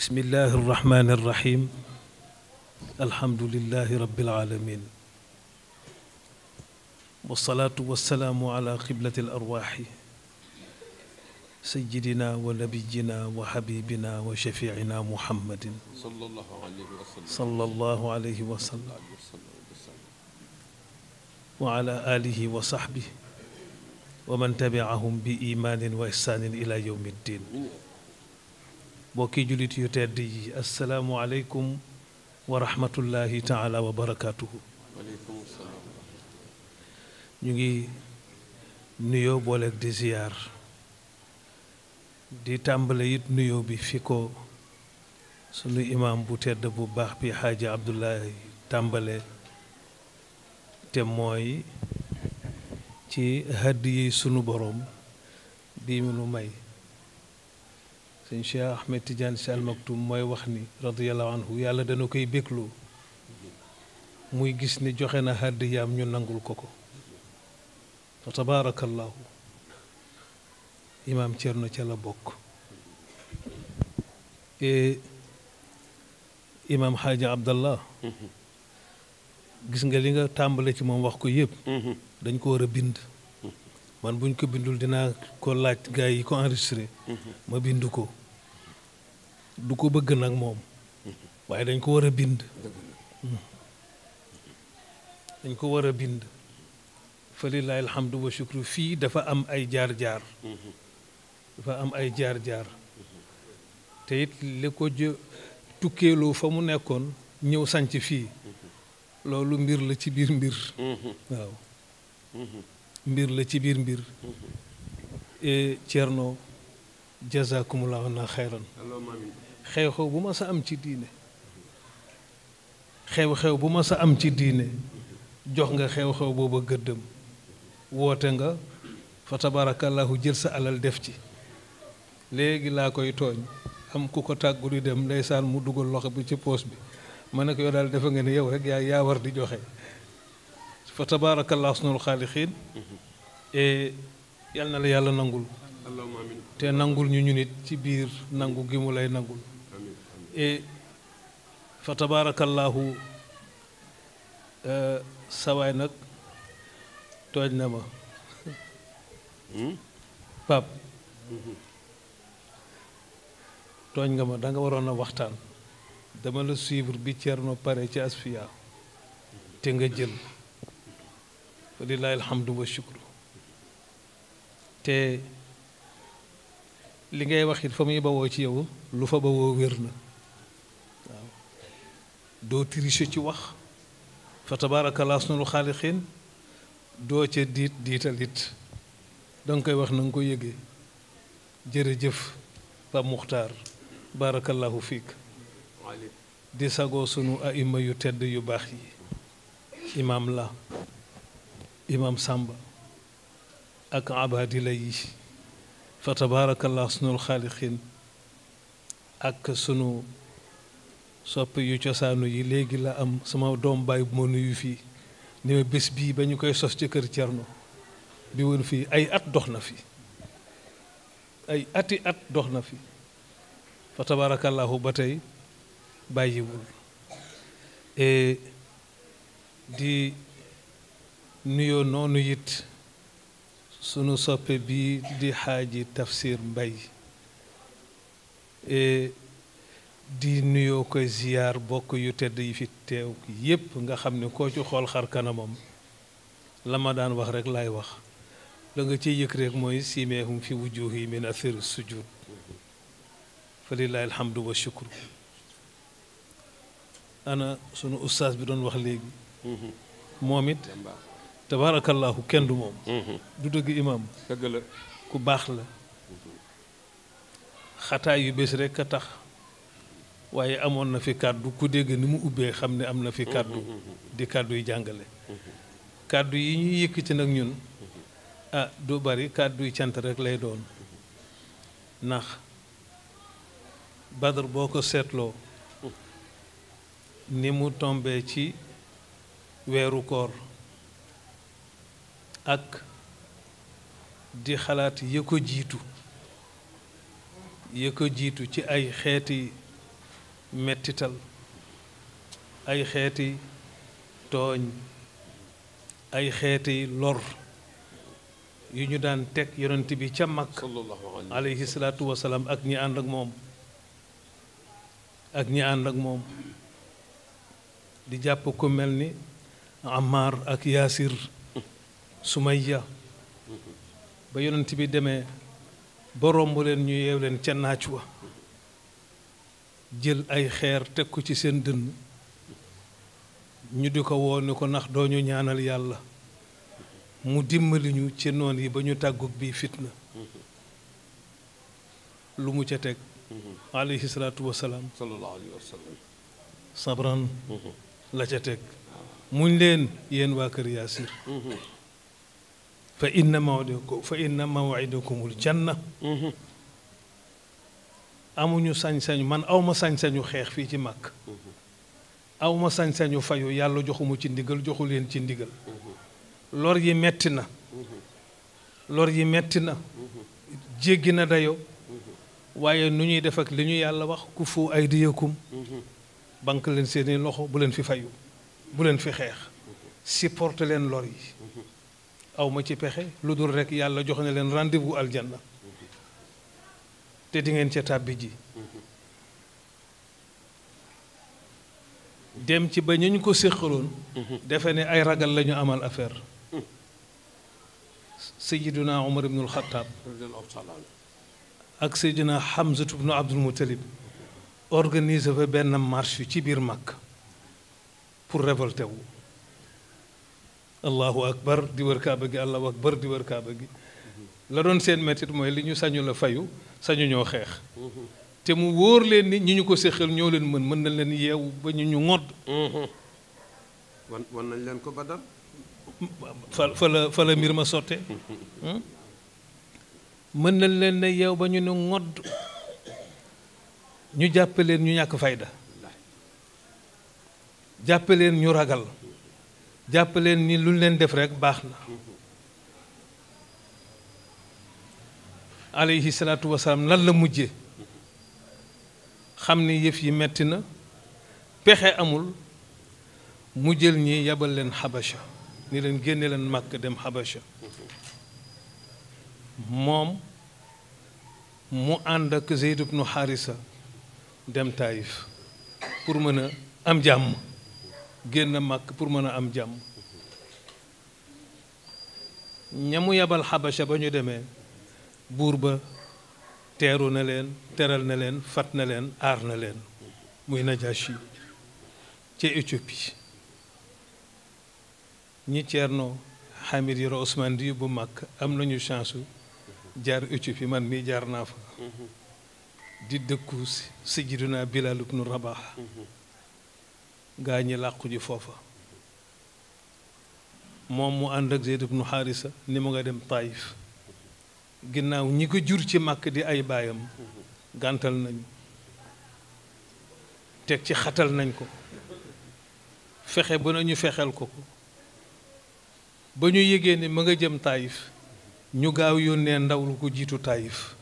بسم الله الرحمن الرحيم الحمد لله رب العالمين والصلاة والسلام على قبلة الأرواح سيدنا ونبينا وحبيبنا وشفيعنا محمد صلى الله عليه وسلم صلى الله عليه وسلم وعلى آله وصحبه ومن تبعهم بإيمان وإحسان إلى يوم الدين mbokki jullit yu tedd yi asalaamualeykum wa rahmatullahi taala wa ñu ngi nuyoo booleeg di ziyaar di tàmbale it nuyoo bi fi ko sunu imaam bu tedd bu baax bi xaaji abdullahi tàmbale te mooy ci hàddi yi sunu boroom bi mu nu may sëñ Cheikh Ahmed Tidiane si almaktum mooy wax ni radiyallahu anhu yàlla dana koy bégloo muy gis ni joxe na hàddiyaam ñu nangul ko ko fa tabaarakallaahu imaam Cerno bokk e imaam xaaja abdallah gis nga li nga tàmbale ci moom wax ko yëpp dañ ko war a bind man buñ ko bindul dinaa ko laaj gars yi ko enregistré ma bind ko du ko bëgg nag moom waaye dañ ko war a bind dañ ko war a bind fa fii dafa am ay jaar-jaar dafa am ay jaar-jaar te it li ko jë tukkeeloo fa mu nekkoon ñëw sanc fii loolu mbir la ci biir mbir waaw mbir la ci biir mbir eh, Thierno jazakumullahu na xayran xew-xew bu ma sa am ci diine xew-xew bu ma sa am ci diine jox nga xew-xew boobu gëddëm woote nga fa tabarakallahu jël sa alal def ci léegi laa koy tooñ am ku ko tàggu di dem ndeysaan mu dugal loxo bi ci poos bi ma ne ko yow daal defe nga ne yow rek yaa yaa war di joxe fa tabarakallahu sunul xaalixiin mm-hmm. eh, yal na la yàlla nangul te nangul ñu ñu nit ci biir nangu gi mu lay nangul et fa tabaarakallaahu e, sawaay nag tooñ na ma hmm? pap hmm. tooñ nga ma danga nga waroon a waxtaan dama la suivre bi Thierno pare ci Asfiya te nga jël fa lillaahi alhamdu te li ngay wax it fa muy bawoo ci yow lu fa bawoo wér na waaw doo tricher ci wax fa tabaarakallaa ahsanul xaaliqiin doo ca diit diitalit danga koy wax na nga ko yëgee jërëjëf Pape Muxtaar baarakallaahu fiik di sagoo sunu aima yu tedd yu baax yi imaam la imaam Sàmba ak abadila yi fa tabaarakallah sunul xaaliqin ak sunu soppi yu cosaanu yi léegi la am sama doom baay bu ma nuyu fii ni ma bés bii ba ñu koy sos ci kër Cerno bi wër fii ay at dox na fi ay ati at dox na fi fa ba tey bàyyiwul e di nuyoo noonu it sunu soppe bi di xaaji Tafsir Mbay di nuyoo ko ziyaar bokk yu tedd yi fi teew yépp nga xam ne koo ci xool xar kanamam la ma daan wax rek laay wax la nga ciy yëg rek mooy simeehum fi wujuhi min athir sujud fa lillahi alhamdu wa shukru ana sunu ustaas bi doon wax léegi moom it tabaarakallaahu kenn du moom mm-hmm. du dëgg imaam ku baax la xataay yu bés rek a tax waaye amoon na fi kàddu ku dégg ni mu ubbee xam ne am na fi kàddu mm-hmm. Mm-hmm. di kàddu yi jàngale kàddu yi ñuy yëkkati nag ñun ah du bari kàddu yi cant rek lay doon ndax Badr boo ko seetloo ni mu tombee ci weeru koor ak di xalaat ya ko jiitu ya ko jiitu ci ay xeeti mettital ay xeeti tooñ ay xeeti lor yu ñu daan teg yonent bi ca mag aleyhi salaatu wasalaam ak ñi ànd ak moom ak ñi ànd ak moom di jàpp ko mel ni Ammar ak Yaasir su may Sumayya ba yonent bi demee ba romb leen ñu yeew leen ca naaj wa jël ay xeer teg ko ci seen dënn ñu di ko woo ni ko ndax doo ñu ñaanal yàlla mu dimbali ñu ci noon yi ba ñu tàggug bii fitna lu mu ca teg alayhi salaatu wasalaam sallallahu alayhi mm-hmm. la ca teg mu leen yéen waa kër yaasir mm-hmm. فإن موعدكم فإن موعدكم الجنة أمو نيو سان سان مان أو ما سان سان خيخ في مكة أو ما سان سان فايو يالو جوخو مو تي ديغل جوخو لين تي ديغل لور يي متنا لور يي متنا جيغينا دايو waye nu ñuy def ak li ñu yàlla wax ku fu ay diyëkum mhm. bank leen seeni loxo bu leen fi fayu bu leen fi xeex mhm. supporte leen lor yi aw ma ci pexe lu dul rek yàlla jox na leen rendez-vous aljanna te di ca tàbbi ji dem ci ba ñu ko séqaloon defe ne ay ragal lañu amal affaire sayiduna umar ibnul xataab ak sayiduna xamsatu ibnu abdul muttalib organise fa benn yu ci biir màkk pour révolter wu allahu akbar di wër kaaba gi allahu akbar di kaaba gi la doon seen métit mooy li ñu sañu la fayu sañu ñoo xeex te mu wóor leen ni ñu ñu ko séqal ñoo leen mën mën na leen yeewu ba ñu ñu ŋodd nañ leen ko badal fa mbir ma sotte nañ leen ne yeew ba ñu ne ŋodd ñu jàppaleen ñu ñàkk fayda jàppaleen ñu ragal jappelen ni luñ len def rek baxna alayhi salatu salaatu lan la mujje xamni yëf yi metti na pexe amul mujjel ñi yabal len habasha ni len génne len màkk dem habasha mom mu ànd ak zaid ibn harisa dem taif pour mën am jàmm génn màkk pour mën a am jàmm ñamu yabal xabasha ba ñu demee buur ba teeru na leen teral na leen fat na leen aar na leen muy Najashi ci Éthiopie ñi Ceerno Hamid Yero Ousmane di bu màkk am nañu chance jaar Éthiopie man mii jaar naa fa mm-hmm. di dëkku si Sayyidina Bilal ibnu Rabah mm-hmm. gaa ñi làqu ji foofa moom mu ànd ak Zeyd ibnu Xaarisa ni mu nga dem Taayif ginnaaw ñi ko jur ci màkk di ay baayam gàntal nañu teg ci xatal nañ ko fexe ba nañu fexeel ko ko ba ñu yégee ni ma nga jëm Taayif ñu gaaw yónnee ndaw lu ko jiitu Taayif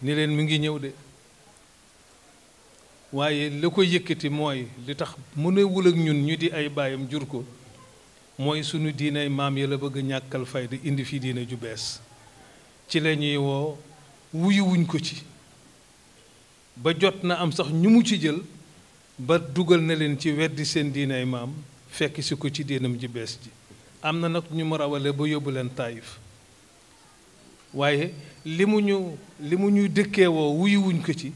ni leen mi ngi ñëw de waaye li ko yëkkati mooy li tax mënewul ak ñun ñu di ay baayam jur ko mooy sunu diinay maam ya la bëgg ñàkkal fayda indi fi diina ju bees ci la ñuy woo wuyuwuñ ko ci ba jot na am sax ñu mu ci jël ba dugal na leen ci weddi seen diinay maam fekk ko ci diinam ji bees ji am na nag ñu mu rawale ba yóbbu leen taayif waaye li mu ñu li mu ñu dëkkee woo wuyu ko ci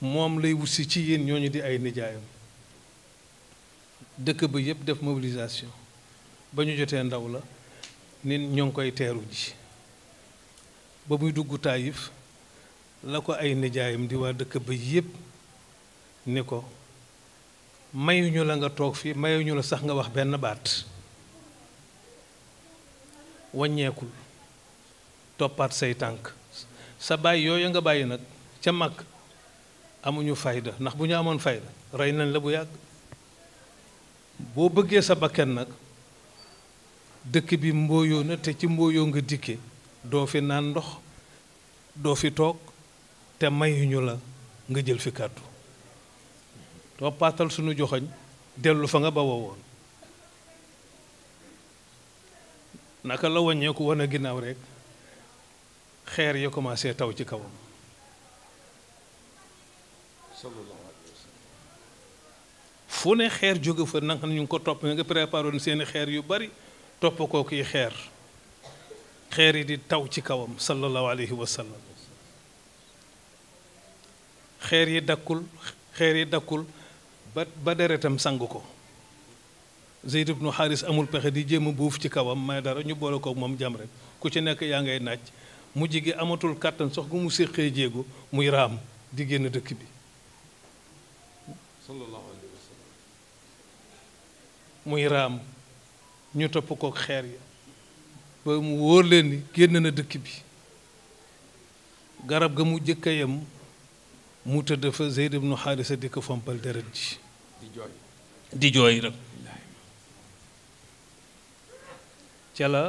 moom lay wutsi ci yéen ñooñu di ay nijaayam dëkk ba yëpp def mobilisation ba ñu jotee ndaw la nit ñoo koy teeru ji ba muy dugg taayif la ko ay nijaayam di waa dëkk ba yëpp ni ko mayuñu la nga toog fii mayuñu la sax nga wax benn baat wàññeekul toppaat say tànk sa baay yooyu nga bàyyi nag ca mag amuñu fayda ndax bu ñu amoon fayda rey nañ la bu yàgg boo bëggee sa bakket nag dëkk bi mbooyoo na te ci mbooyoo nga dikke doo fi naan ndox doo fi toog te mayuñu la nga jël fi kàddu toppaatal sunu joxoñ dellu fa nga ba wowoon naka la waññeeku wan a ginnaaw rek xeer ya commencé taw ci kawam fu ne xeer jóge fa nanga ñu ngi ko topp nga préparé woon seeni xeer yu bari topp koo kiy xeer xeer yi di taw ci kawam sallallahu alayhi wa sallam xeer yi dakkul xeer yi dakkul ba ba deretam sang ko Zeyd nu xaalis amul pexe di jéem a buuf ci kawam may dara ñu boole kook moom jam rek ku ci nekk yaa ngay naaj mujj gi amatul kàttan sox gu mu séqee jéego muy raam di génn dëkk bi sallallahu alayhi wa sallam muy raam ñu topp kook xeer ya ba mu wóor leen ni génn na dëkk bi garab ga mu jëkka yam mu tëdd fa Zeyd ibnu Xaarisa di ko fompal deret ji di jooy di jooy rek ca la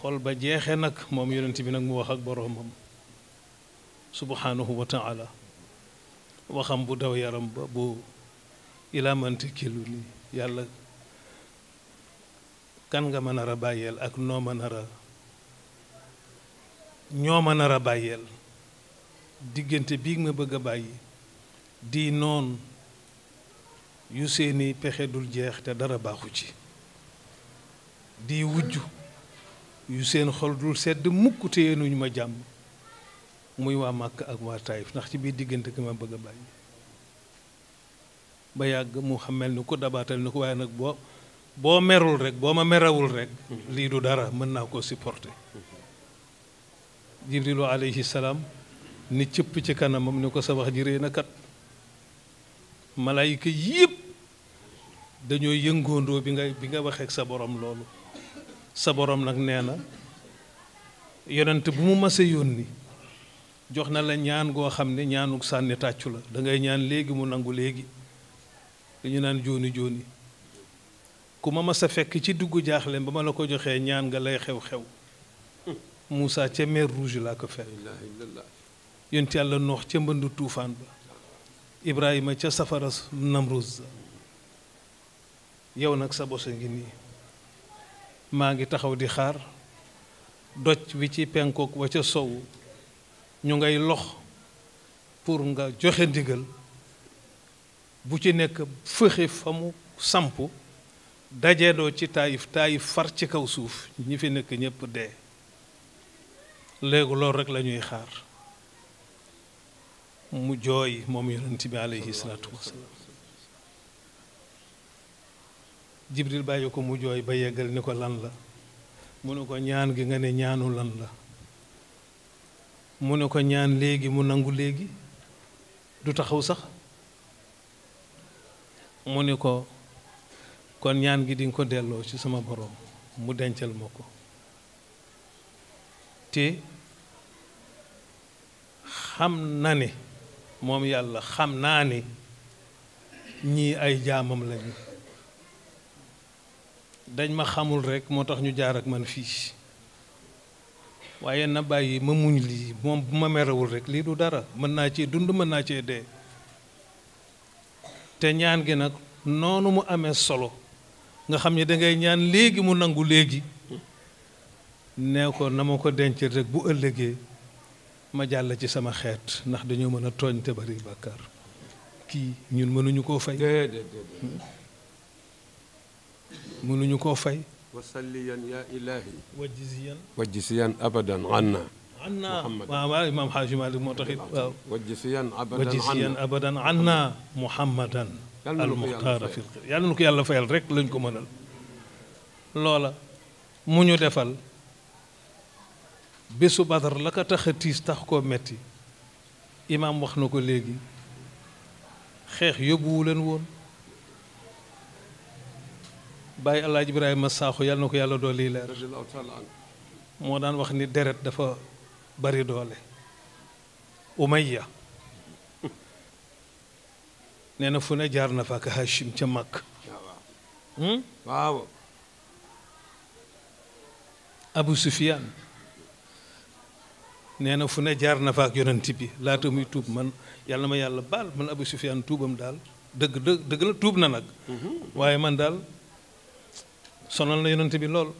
xol ba jeexe nag moom yonent bi nag mu wax ak boromam subhanahu wa ta'ala waxam bu daw yaram ba bu ilamante kilu ni yàlla kan nga ma nar a bàyyeel ak noo nar a ñoo ma nar a bàyyeel diggante bii ma bëgg a bàyyi di noon yu seeni pexe dul jeex te dara baaxu ci di wujj yu seen xol dul sedd mukk te yéenuñu ma jàmm muy wa makk ak wa taif ndax ci bi digënté ko ma bëgg bañ ba yag mu xamel ni ko dabatal ni ko way nak bo bo merul rek bo ma merawul rek li du dara mën na ko supporter jibril alayhi salam ni cëpp ci kanamam ni ko sa wax na kat malaika yépp dañu yëngondo bi nga bi nga ak sa borom lolu sa borom nak neena yonent bu mu jox na la ñaan goo xam ne ñaanuk sànni tàccu la da ngay ñaan léegi mu nangu léegi dañu naan jooni jooni ku ma mas fekk ci dugg jaaxle ba ma la ko joxee ñaan nga lay xew-xew Moussa ca mer rouge laa ko fekk noox ca mbënd tuufaan Ibrahima ca safara yow nag sa bos a ngi nii maa ngi taxaw di xaar doj wi ci penkook wa ca sowu ñu ngay lox pour nga joxe ndigal bu ci nekk fëxe fa mu samp dajeedoo ci taayif taayif far ci kaw suuf ñi fi nekk ñépp dee léegi loolu rek lañuy xaar mu jooy moom yi bi aleyhi salaatu wasalaam jibril bàyyi ko mu jooy ba yeggal ni ko lan la mu ne ko ñaan gi nga ne ñaanu lan la mu ne ko ñaan léegi mu nangu léegi du taxaw sax mu ni ko kon ñaan gi di ko delloo ci sama boroom mu dencal ma ko te xam na ni moom yàlla xam naa ni ñii ay jaamam lañu dañ ma xamul rekk moo tax ñu jaar ak man fii waaye na bàyyi ma muñ lii moom bu ma merewul rek lii du dara mën naa ci dund mën naa cee dee te ñaan gi nag noonu mu amee solo nga xam ni dangay ñaan léegi mu nangu léegi nee ko na ma ko denc rek bu ëllëgee ma jàll ci sama xeet ndax dañoo mën a tooñ te bari bàkkaar kii ñun mënuñu koo fay hmm? mënuñu koo fay وسليا يا الهي وجزيا وجزيا ابدا عنا عنا محمد امام حاجي مالك معتقد وجزيا ابدا وجزيا ابدا عنا محمدا المختار في القرية يعني نك يلا فعل رك لنكم انا لولا مونيو ديفال بيسو بدر لك تختيس تخكو متي امام واخنكو لغي خيخ يبو لن وون bàyyi alaaji ibrahima saaxu yàlla na ko yàlla dool lii leer moo daan wax ni deret dafa bari doole umayya nee na fu ne jaar nafaak hashim ca màkk hmm? waaw abu sufiyaan nee na fu ne jaar nafaak fa bi laata muy tuub man yàlla ma yàlla baal man abu sufiyaan tuubam daal dëgg dëgg dëgg tuub na nag mhm. waaye man daal sonal na yonent bi lool.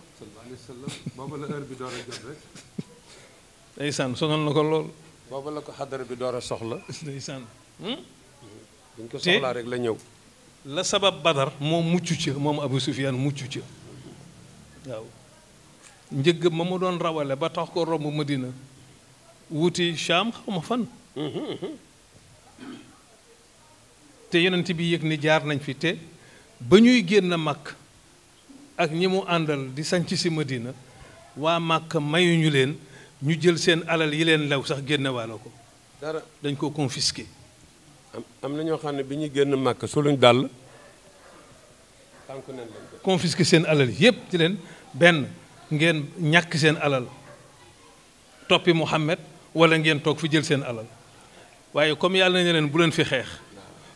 booba la heure bi door a jot na ko lool. booba la ko xadara bi door a soxla. ndeysaan. Hmm? buñ ko soxlaa la ñëw. sabab badar moom mucc ca moom Abu Sufyaan mucc ca waaw. njëgg ma mu doon rawale ba tax ko romb Madina wuti Shaam xaw ma fan. te yonent bi yëg ni jaar nañ fi te ba ñuy génn mag. ak ñi mu àndal di sanc si Madina waa màkk mayuñu leen ñu jël seen alal yi leen lew sax génne ko dara dañ ko confisqué am na ñoo xam ne bi ñuy génn Màkka su luñ dàll confisqué seen alal yépp ci leen benn ngeen ñàkk seen alal toppi Muhammad wala ngeen toog fi jël seen alal waaye comme yàlla na leen bu leen fi xeex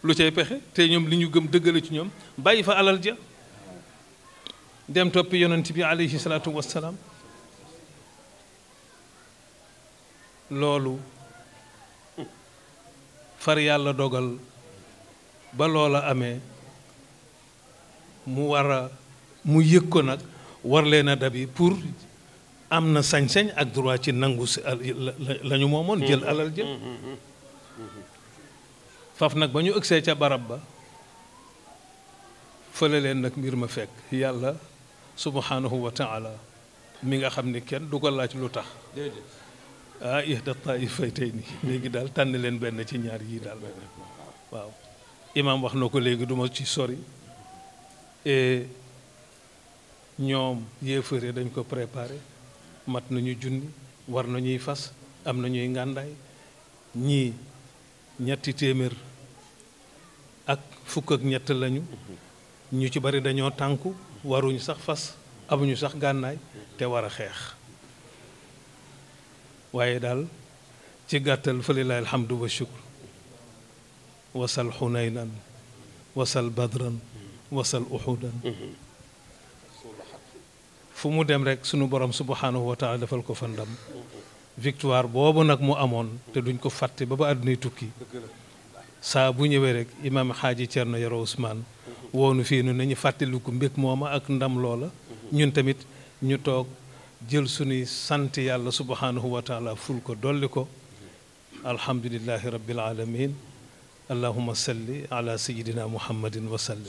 lu cay pexe te ñoom li ñu gëm dëggale ci ñoom bàyyi fa alal ja dem toppi yonent bi aleyhi salaatu wassalaam loolu far yàlla dogal ba loola amee mu war a mu yëg ko nag war leen a dabi pour am na sañ-sañ ak droit ci nangu si la ñu moomoon jël alal jël faf nag ba ñu ëgsee ca barab ba fële leen nag mbir ma fekk yàlla subhanahu wa mi nga xam ni kenn du ko laaj lu tax ah ihda taaifatayni léegi daal tànn leen benn ci ñaar yii daal waaw imaam wax na ko léegi duma ci sori e, ñoom yéefare dañ ko préparé mat nañu junni war nañuy fas am nañuy ngàndaay ñii ñetti téeméer ak fukk ak ñett lañu mhm. ñu ci bari dañoo tànku waruñ sax fas abuñu sax gànnaay te wara xex waye dal ci gàttal falilahi alhamdu wa shukr wasal xunaynan wasal badran wasal uhudan fu mu dem rek sunu borom subhanahu wa taala defal ko fandam victoire bobu nak mu amone te duñ ko fàtte ba ba aduna tukki sa bu ñewé rek imam haji Cerno yaro Ousmane woonu fii nu nañu fàttaliku mbég mooma ak ndam loola ñun tamit ñu toog jël sunuy sant yàlla subhanahu wa taala ful ko dolli ko alhamdulilahi rabbil alamin allahuma salli ala sayidina muhammadin wa sallim